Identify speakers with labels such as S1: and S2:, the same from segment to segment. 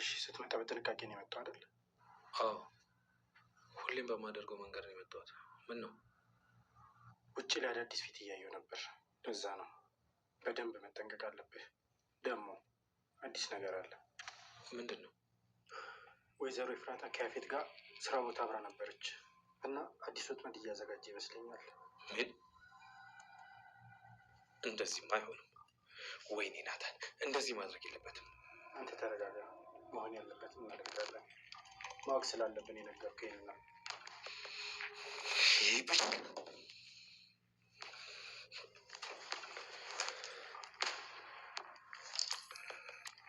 S1: እሺ ስትመጣ በጥንቃቄ ነው የመጣው አይደል?
S2: አዎ፣ ሁሌም በማደርገው መንገድ ነው የመጣሁት። ምን ነው
S1: ውጭ ላይ አዳዲስ ፊት እያየሁ ነበር። እዛ ነው። በደንብ መጠንቀቅ አለብህ። ደግሞ አዲስ ነገር አለ። ምንድን ነው? ወይዘሮ ኤፍራታ ከያፌት ጋር ስራ ቦታ አብራ ነበረች እና አዲስ ወጥመድ እያዘጋጀ ይመስለኛል።
S2: እንደዚህም አይሆንም። ወይኔ ናታን፣ እንደዚህ ማድረግ የለበትም።
S1: አንተ ተረጋጋ። መሆን ያለበትም እናደርጋለን። ማወቅ ስላለብን የነገርከኝ ነው።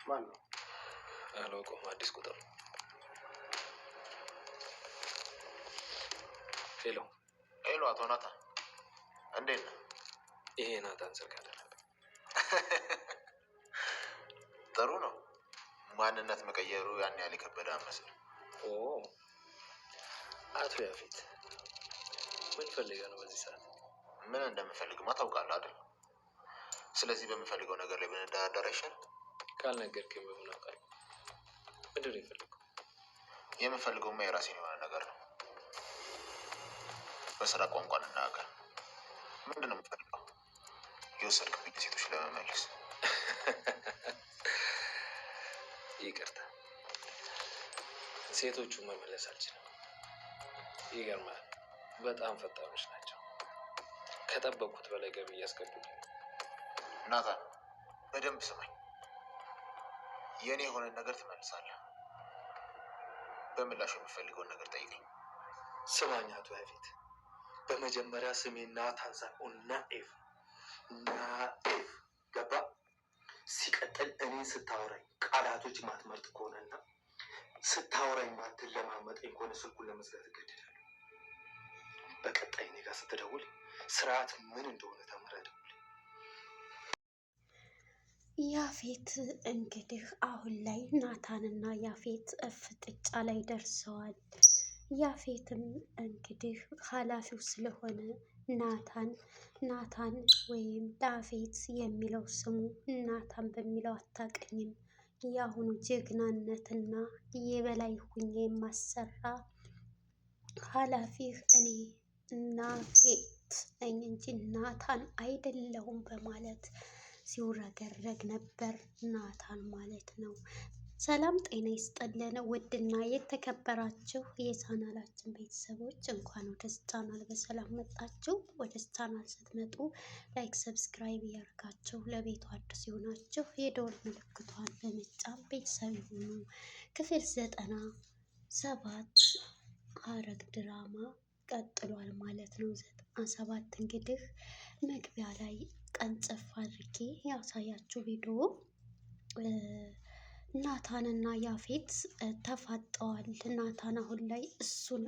S1: ማን ነው?
S2: አላውቀውም። አዲስ ቁጥር ሄሎ ሄሎ፣ አቶ ናታን እንዴት ነው? ይሄ ናታን ስልክ አይደለም። ጥሩ ነው። ማንነት መቀየሩ ያን ያህል የከበደ አመስል። አቶ ያፌት ምን ፈልገ ነው በዚህ ሰዓት? ምን እንደምፈልግማ ታውቃለህ አይደል? ስለዚህ በምፈልገው ነገር ላይ ብንደራደር አይሻልም? ካልነገርከኝ በምን አውቃለሁ? ምንድን ነው የፈለገው? የምፈልገውማ የራሴን የሆነ ነገር ነው። በስራ ቋንቋ እንናገር። ምንድን ነው የምፈልገው? የወሰድክብኝ ሴቶች ለመመለስ ይቅርታ፣ ሴቶቹ መመለስ አልችልም። ይገርማል፣ በጣም ፈጣኖች ናቸው። ከጠበቁት በላይ ገቢ እያስገቡኝ። ናታን፣ በደንብ ስማኝ። የእኔ የሆነን ነገር ትመልሳለህ። በምላሹ የምፈልገውን ነገር ጠይቀኝ። ስማኝ አቶ ያፌት፣ በመጀመሪያ ስሜ ናታን ሳይሆን ናኤፍ ናጤፍ ገባ። ሲቀጥል እኔ ስታወራኝ ቃላቶች ማትመርጥ ከሆነና ስታወራኝ ማትለማመጠኝ ከሆነ ስልኩን ለመዝጋት እገደዳለሁ። በቀጣይ እኔ ጋር ስትደውል ስርዓት ምን እንደሆነ ተምረህ ደውል።
S3: ያፌት እንግዲህ አሁን ላይ ናታንና ያፌት ፍጥጫ ላይ ደርሰዋል። ያፌትም እንግዲህ ኃላፊው ስለሆነ ናታን ናታን ወይም ዳፌት የሚለው ስሙ ናታን በሚለው አታቀኝም የአሁኑ ጀግናነትና የበላይ ሁኜ የማሰራ ኃላፊህ እኔ ናፌት ነኝ እንጂ ናታን አይደለሁም በማለት ሲውረገረግ ነበር ናታን ማለት ነው። ሰላም ጤና ይስጥልን ውድና የተከበራችሁ የቻናላችን ቤተሰቦች እንኳን ወደ ቻናል በሰላም መጣችሁ። ወደ ቻናል ስትመጡ ላይክ፣ ሰብስክራይብ እያደረጋችሁ ለቤቱ አዲስ የሆናችሁ የደወል ምልክቷን በመጫን ቤተሰብ የሆኑ ክፍል ዘጠና ሰባት ሐረግ ድራማ ቀጥሏል ማለት ነው። ዘጠና ሰባት እንግዲህ መግቢያ ላይ ቀንጨፍ አድርጌ ያሳያችሁ ቪዲዮ ናታንና ያፌት ተፋጠዋል። ናታን አሁን ላይ እሱን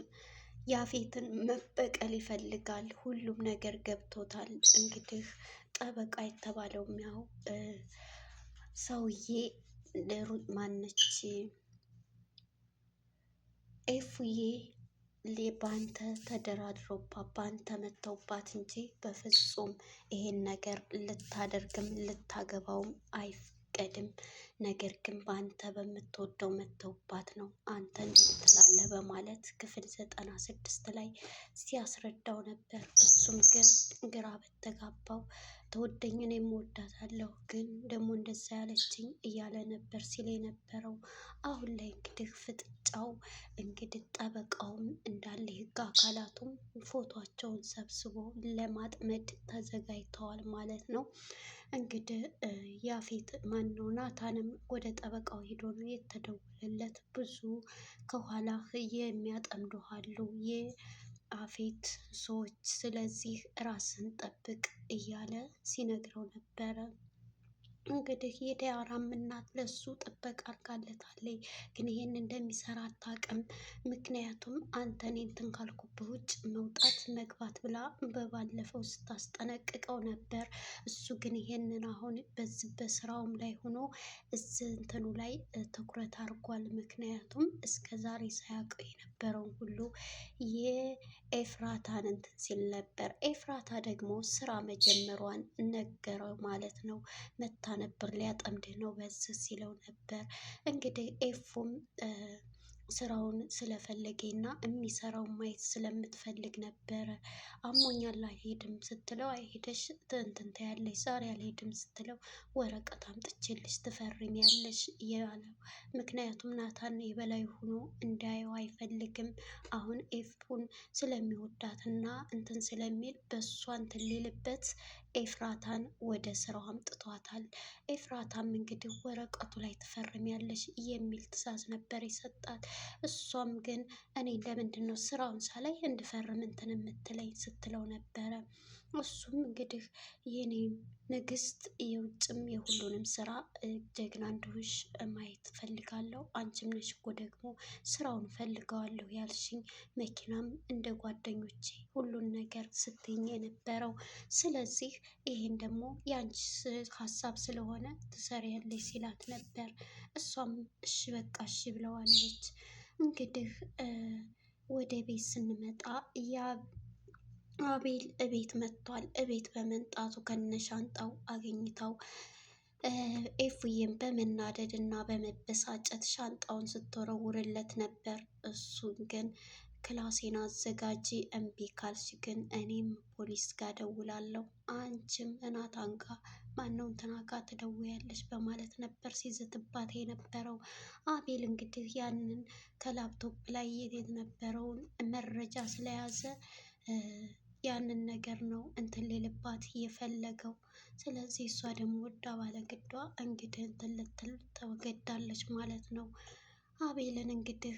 S3: ያፌትን መበቀል ይፈልጋል። ሁሉም ነገር ገብቶታል። እንግዲህ ጠበቃ የተባለው ያው ሰውዬ ሩት ማነች ኤፉዬ ባንተ ተደራድሮባ ባንተ መተውባት እንጂ በፍጹም ይሄን ነገር ልታደርግም ልታገባውም አይፈቀድም። ነገር ግን በአንተ በምትወደው መተውባት ነው አንተ እንዴት ትላለህ በማለት ክፍል ዘጠና ስድስት ላይ ሲያስረዳው ነበር። እሱም ግን ግራ በተጋባው ተወደኝን የምወዳታለሁ ግን ደግሞ እንደዛ ያለችኝ እያለ ነበር ሲል የነበረው። አሁን ላይ እንግዲህ ፍጥጫው እንግዲህ ጠበቃውም እንዳለ የህግ አካላቱም ፎቷቸውን ሰብስቦ ለማጥመድ ተዘጋጅተዋል ማለት ነው። እንግዲህ ያፌት ማን ናታንም ወደ ጠበቃው ሄዶ ነው የተደወለለት። ብዙ ከኋላ የሚያጠምዱ አሉ የአፌት ሰዎች፣ ስለዚህ ራስን ጠብቅ እያለ ሲነግረው ነበረ። እንግዲህ የዳያራም እናት ለሱ ጥበቃ አድርጋለታለይ። ግን ይህን እንደሚሰራ አታውቅም። ምክንያቱም አንተ እኔን ትንካልኩብህ ውጭ መውጣት መግባት ብላ በባለፈው ስታስጠነቅቀው ነበር። እሱ ግን ይህንን አሁን በዚህ በስራውም ላይ ሆኖ እዚህ እንትኑ ላይ ትኩረት አድርጓል። ምክንያቱም እስከ ዛሬ ሳያውቀው የነበረውን ሁሉ የኤፍራታን እንትን ሲል ነበር። ኤፍራታ ደግሞ ስራ መጀመሯን ነገረው ማለት ነው መታ ቦታ ነበር ሊያጠምድህ ነው በዚህ ሲለው ነበር። እንግዲህ ኤፉም ስራውን እና የሚሰራው ማየት ስለምትፈልግ ነበረ። አሞኛል አልሄድም ስትለው አይሄደሽ ያለች ታያለሽ፣ ዛሬ አልሄድም ስትለው ወረቀት አምጥቼልሽ ያለሽ እያለው፣ ምክንያቱም ናታን የበላይ ሆኖ እንዳየው አይፈልግም። አሁን ኤፉን ስለሚወዳትና እንትን ስለሚል በእሷ እንትን ሊልበት ኤፍራታን ወደ ስራው አምጥቷታል። ኤፍራታም እንግዲህ ወረቀቱ ላይ ትፈርም ያለሽ የሚል ትዕዛዝ ነበር የሰጣት። እሷም ግን እኔ ለምንድን ነው ስራውን ሳላይ እንድፈርም እንትን የምትለኝ ስትለው ነበረ። እሱም እንግዲህ የኔ ንግስት የውጭም የሁሉንም ስራ ጀግና እንደሆንሽ ማየት ፈልጋለሁ። አንቺም ነሽ እኮ ደግሞ ስራውን ፈልገዋለሁ ያልሽኝ፣ መኪናም እንደ ጓደኞቼ ሁሉን ነገር ስትኝ የነበረው። ስለዚህ ይሄን ደግሞ የአንቺ ሀሳብ ስለሆነ ትሰሪያለሽ ሲላት ነበር። እሷም እሺ በቃ እሺ ብለዋለች። እንግዲህ ወደ ቤት ስንመጣ ያ አቤል እቤት መጥቷል። እቤት በመንጣቱ ከነሻንጣው አግኝታው ኤፍዬም በመናደድ እና በመበሳጨት ሻንጣውን ስትወረውርለት ነበር። እሱን ግን ክላሴን አዘጋጂ፣ እምቢ ካልሽ ግን እኔም ፖሊስ ጋር ደውላለሁ፣ አንቺም እናታን ጋ ማነው እንትና ጋ ትደውያለሽ በማለት ነበር ሲዝትባት የነበረው። አቤል እንግዲህ ያንን ከላፕቶፕ ላይ የነበረውን መረጃ ስለያዘ ያንን ነገር ነው እንትን ሌልባት የፈለገው። ስለዚህ እሷ ደግሞ ወዳ ባለግዷ እንግዲህ እንትን ልትል ተገዳለች ማለት ነው። አቤልን እንግዲህ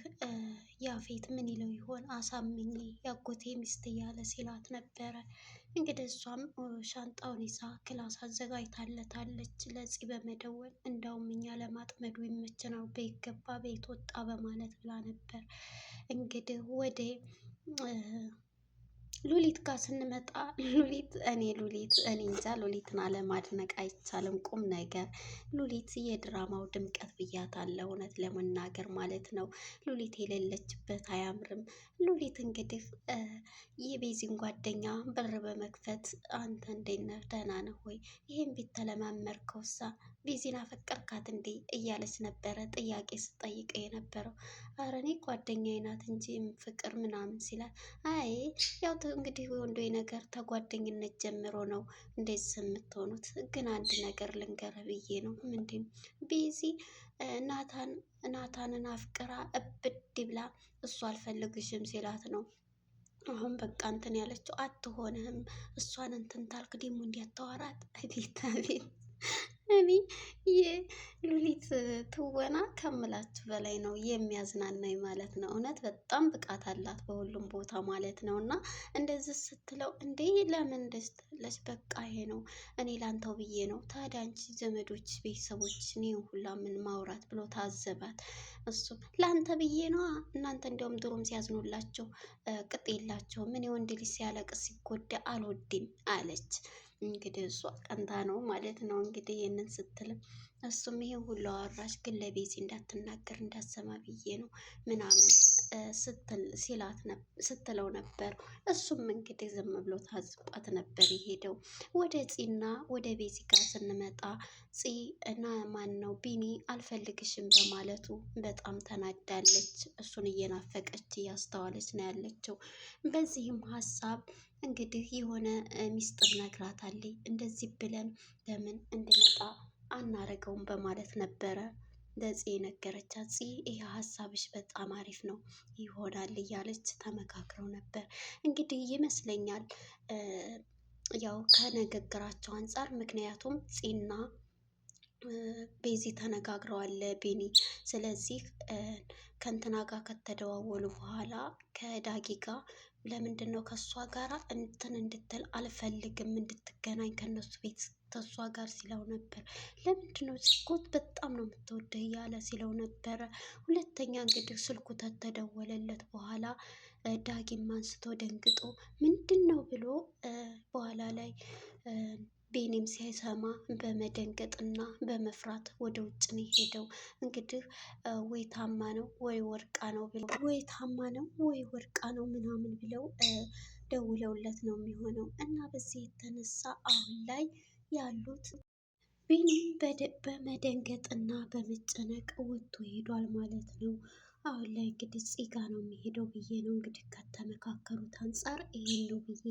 S3: ያፌት ምን ይለው ይሆን አሳምኝ ያጎቴ ሚስት እያለ ሲላት ነበረ። እንግዲህ እሷም ሻንጣውን ይዛ ክላስ አዘጋጅታለታለች። ለዚህ በመደወል እንዳውም እኛ ለማጥመዱ ይመቸናል በይገባ ቤት ወጣ በማለት ብላ ነበር እንግዲህ ወደ ሉሊት ጋር ስንመጣ ሉሊት እኔ ሉሊት እኔ እንጃ ሉሊትን አለማድነቅ አይቻልም። ቁም ነገር ሉሊት የድራማው ድምቀት ብያታለሁ፣ እውነት ለመናገር ማለት ነው። ሉሊት የሌለችበት አያምርም። ሉሊት እንግዲህ የቤዚን ጓደኛ በር በመክፈት አንተ እንዴት ነህ? ደህና ነህ ወይ? ይህን ቢተለማመር ከውሳ ዴዚን አፈቀርካት እንዴ እያለች ነበረ ጥያቄ ስጠይቀ የነበረው። አረ እኔ ጓደኛዬ ናት እንጂ ፍቅር ምናምን ሲላል፣ አይ ያው እንግዲህ ወንዶይ ነገር ተጓደኝነት ጀምሮ ነው እንደዚህ የምትሆኑት። ግን አንድ ነገር ልንገር ብዬ ነው። ምንድን ዴዚ ናታን ናታንን አፍቅራ እብድ ብላ እሱ አልፈልግሽም ሲላት ነው አሁን በቃ እንትን ያለችው አትሆንህም። እሷን እንትን ታልክ ደግሞ እንዲያታወራት አቤት አቤት እኔ የሉሊት ትወና ከምላችሁ በላይ ነው የሚያዝናናኝ ማለት ነው። እውነት በጣም ብቃት አላት በሁሉም ቦታ ማለት ነው። እና እንደዚህ ስትለው እንዴ ለምን እንደዚህ ትላለች? በቃ ይሄ ነው እኔ ላንተው ብዬ ነው። ታዲያ አንቺ ዘመዶች፣ ቤተሰቦች እኔ ሁላ ምን ማውራት ብሎ ታዘባት። እሱ ላንተ ብዬ ነው። እናንተ እንዲያውም ድሮም ሲያዝኑላቸው ቅጥ የላቸውም። እኔ ወንድ ልጅ ሲያለቅስ ሲጎዳ አልወድም አለች። እንግዲህ እሷ ቀንታ ነው ማለት ነው። እንግዲህ ይህንን ስትልም እሱም ይሄ ሁሉ አወራች፣ ግን ለቤዚ እንዳትናገር እንዳሰማ ብዬ ነው ምናምን ስትለው ነበር። እሱም እንግዲህ ዝም ብሎ ታዝቧት ነበር የሄደው። ወደ ፂና ወደ ቤዚ ጋር ስንመጣ ፂ እና ማን ነው ቢኒ አልፈልግሽም በማለቱ በጣም ተናዳለች። እሱን እየናፈቀች እያስተዋለች ነው ያለችው። በዚህም ሀሳብ እንግዲህ የሆነ ሚስጥር ነግራታለች። እንደዚህ ብለን ለምን እንድመጣ አናረገውም በማለት ነበረ ለጽ ነገረቻት። ጽ ይህ ሀሳብሽ በጣም አሪፍ ነው ይሆናል እያለች ተመካክረው ነበር። እንግዲህ ይመስለኛል ያው ከንግግራቸው አንጻር ምክንያቱም ጽና ቤዚ ተነጋግረዋል ቤኒ። ስለዚህ ከእንትና ጋር ከተደዋወሉ በኋላ ከዳጊ ጋር ለምንድን ነው ከእሷ ጋር እንትን እንድትል አልፈልግም እንድትገናኝ ከነሱ ቤት ከእሷ ጋር ሲለው ነበር። ለምንድን ነው ስልኩት በጣም ነው የምትወደህ እያለ ሲለው ነበረ። ሁለተኛ እንግዲህ ስልኩ ተተደወለለት በኋላ ዳጊም አንስቶ ደንግጦ ምንድን ነው ብሎ በኋላ ላይ ቤኒም ሲሰማ በመደንገጥና በመፍራት ወደ ውጭ ነው የሄደው። እንግዲህ ወይ ታማ ነው ወይ ወርቃ ነው ብለው ወይ ታማ ነው ወይ ወርቃ ነው ምናምን ብለው ደውለውለት ነው የሚሆነው እና በዚህ የተነሳ አሁን ላይ ያሉት ቤኒም በመደንገጥና በመጨነቅ ወጥቶ ሄዷል ማለት ነው። አሁን ላይ እንግዲህ እዚህ ነው የሚሄደው ብዬ ነው እንግዲህ ከተመካከሩት አንጻር ይህን ነው ብዬ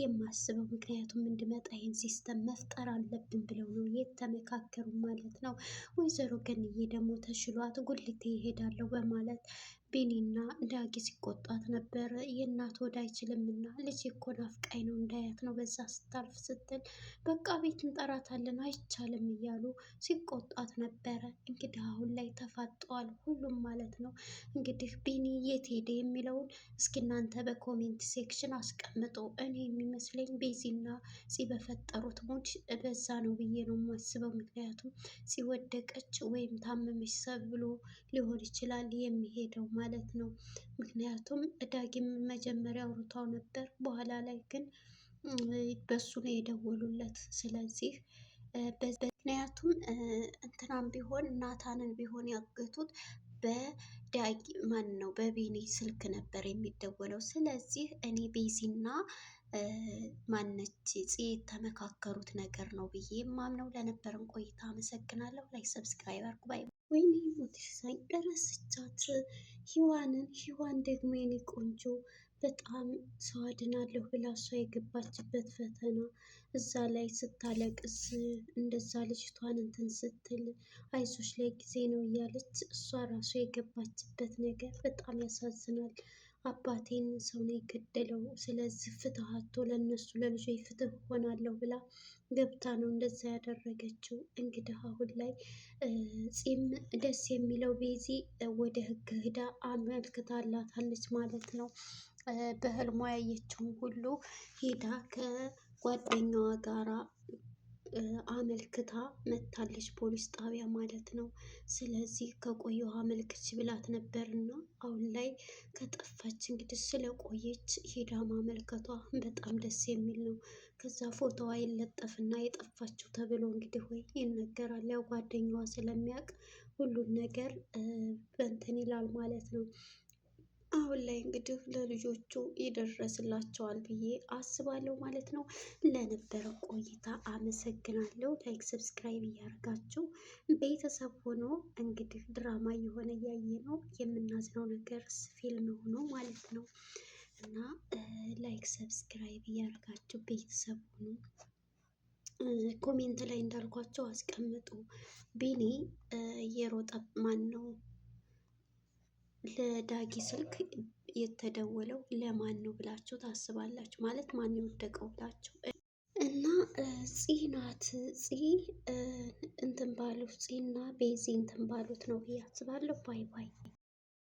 S3: የማስበው። ምክንያቱም እንድመጣ ይህን ሲስተም መፍጠር አለብን ብለው ነው የተመካከሩ ማለት ነው። ወይዘሮ ገንዬ ደግሞ ተሽሏት ጉልቴ ይሄዳለሁ በማለት ቢኒና ዳጊ ሲቆጣት ነበረ። የእናት ወደ አይችልምና ልጅ እኮ ናፍቃኝ ነው እንዳያት ነው በዛ ስታልፍ ስትል በቃ ቤት እንጠራታለን አይቻልም እያሉ ሲቆጣት ነበረ። እንግዲህ አሁን ላይ ተፋጠዋል ሁሉም ማለት ነው። እንግዲህ ቢኒ የት ሄደ የሚለውን እስኪ እናንተ በኮሜንት ሴክሽን አስቀምጡ። እኔ የሚመስለኝ ቤዚና ፂ በፈጠሩት ሙድ በዛ ነው ብዬ ነው የማስበው። ምክንያቱም ሲወደቀች ወይም ታመመች ሰብሎ ሊሆን ይችላል የሚሄደው ማለት ነው። ምክንያቱም ዳግም መጀመሪያ አውርታው ነበር፣ በኋላ ላይ ግን በሱ ነው የደወሉለት። ስለዚህ ምክንያቱም እንትናም ቢሆን ናታንን ቢሆን ያገቱት በዳጊ ማን ነው በቤኒ ስልክ ነበር የሚደወለው። ስለዚህ እኔ ቤዚና ማነች ጽ የተመካከሩት ነገር ነው ብዬ ማምነው። ለነበረን ቆይታ አመሰግናለሁ። ላይ ሰብስክራይብ አርጉ ባይ ወይኔ ሞትሽ ሳይደረስቻት ሂዋንን ሂዋን ደግሞ የኔ ቆንጆ በጣም ሰው አድናለሁ ብላ እሷ የገባችበት ፈተና እዛ ላይ ስታለቅስ እንደዛ ልጅቷን እንትን ስትል አይዞች ላይ ጊዜ ነው እያለች እሷ ራሷ የገባችበት ነገር በጣም ያሳዝናል። አባቴን ሰው ነው የገደለው፣ ስለዚህ ፍትህ አቶ ለነሱ ለልጆ ፍትህ ሆናለሁ ብላ ገብታ ነው እንደዛ ያደረገችው። እንግዲህ አሁን ላይ ፂም ደስ የሚለው ቤዚ ወደ ህግ ሂዳ አመልክታላታለች ማለት ነው። በህልሟ ያየችውን ሁሉ ሂዳ ከጓደኛዋ ጋራ አመልክታ መታለች ፖሊስ ጣቢያ ማለት ነው። ስለዚህ ከቆየሁ አመልክች ብላት ነበር እና አሁን ላይ ከጠፋች እንግዲህ ስለቆየች ሄዳ ማመልከቷ በጣም ደስ የሚል ነው። ከዛ ፎቶዋ ይለጠፍና የጠፋችው ተብሎ እንግዲህ ወይ ይነገራል። ያው ጓደኛዋ ስለሚያውቅ ሁሉን ነገር በንትን ይላል ማለት ነው። አሁን ላይ እንግዲህ ለልጆቹ ይደረስላቸዋል ብዬ አስባለሁ ማለት ነው። ለነበረው ቆይታ አመሰግናለሁ። ላይክ፣ ሰብስክራይብ እያደረጋችሁ ቤተሰብ ሆኖ እንግዲህ ድራማ የሆነ እያየ ነው የምናዝነው ነገር ፊልም ሆኖ ማለት ነው እና ላይክ፣ ሰብስክራይብ እያደረጋችሁ ቤተሰብ ሆኖ ኮሜንት ላይ እንዳልኳቸው አስቀምጡ። ቢኒ የሮጠ ማን ነው? ለዳጊ ስልክ የተደወለው ለማን ነው ብላችሁ ታስባላችሁ? ማለት ማን የወደቀው ብላችሁ እና ፂ ናት ፂ እንትን ባሉት ፂና ቤዚ እንትን ባሉት ነው ብዬ አስባለሁ። ባይ ባይ።